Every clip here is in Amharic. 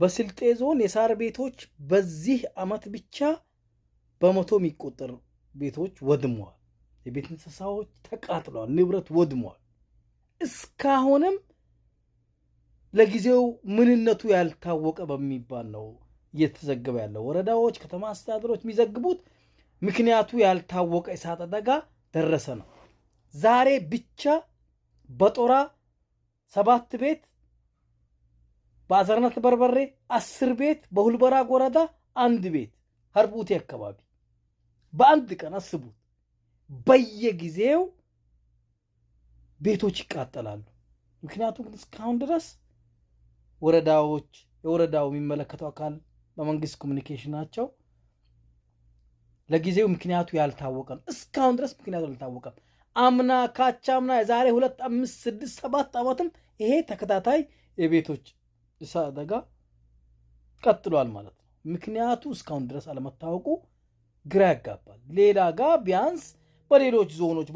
በስልጤ ዞን የሳር ቤቶች በዚህ ዓመት ብቻ በመቶ የሚቆጠር ቤቶች ወድመዋል። የቤት እንስሳዎች ተቃጥለዋል፣ ንብረት ወድመዋል። እስካሁንም ለጊዜው ምንነቱ ያልታወቀ በሚባል ነው እየተዘገበ ያለው። ወረዳዎች፣ ከተማ አስተዳደሮች የሚዘግቡት ምክንያቱ ያልታወቀ እሳት አደጋ ደረሰ ነው። ዛሬ ብቻ በጦራ ሰባት ቤት በአዘርነት በርበሬ አስር ቤት፣ በሁልበራግ ወረዳ አንድ ቤት ሀርቡቴ አካባቢ በአንድ ቀን አስቡት። በየጊዜው ቤቶች ይቃጠላሉ። ምክንያቱም እስካሁን ድረስ ወረዳዎች የወረዳው የሚመለከተው አካል በመንግስት ናቸው። ለጊዜው ምክንያቱ ያልታወቀም እስካሁን ድረስ ምክንያቱ አልታወቀም። አምና ካቻምና የዛሬ ሁለት አምስት ስድስት ሰባት ዓመትም ይሄ ተከታታይ የቤቶች እሳት አደጋ ቀጥሏል ማለት ነው። ምክንያቱ እስካሁን ድረስ አለመታወቁ ግራ ያጋባል። ሌላ ጋ ቢያንስ በሌሎች ዞኖች፣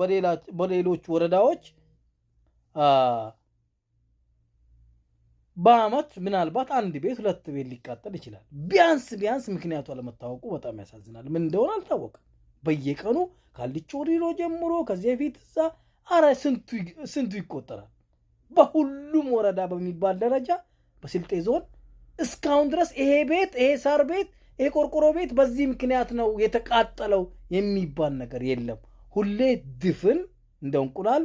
በሌሎች ወረዳዎች በአመት ምናልባት አንድ ቤት ሁለት ቤት ሊቃጠል ይችላል። ቢያንስ ቢያንስ ምክንያቱ አለመታወቁ በጣም ያሳዝናል። ምን እንደሆነ አልታወቀም። በየቀኑ ካልድቾ ሪሎ ጀምሮ ከዚህ በፊት እዛ አረ ስንቱ ይቆጠራል። በሁሉም ወረዳ በሚባል ደረጃ በስልጤ ዞን እስካሁን ድረስ ይሄ ቤት ይሄ ሳር ቤት ይሄ ቆርቆሮ ቤት በዚህ ምክንያት ነው የተቃጠለው የሚባል ነገር የለም። ሁሌ ድፍን እንደ እንቁላል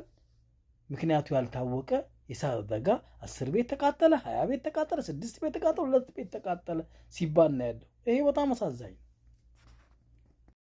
ምክንያቱ ያልታወቀ የሳር አደጋ አስር ቤት ተቃጠለ፣ ሀያ ቤት ተቃጠለ፣ ስድስት ቤት ተቃጠለ፣ ሁለት ቤት ተቃጠለ ሲባል ነው ያለው። ይሄ በጣም አሳዛኝ ነው።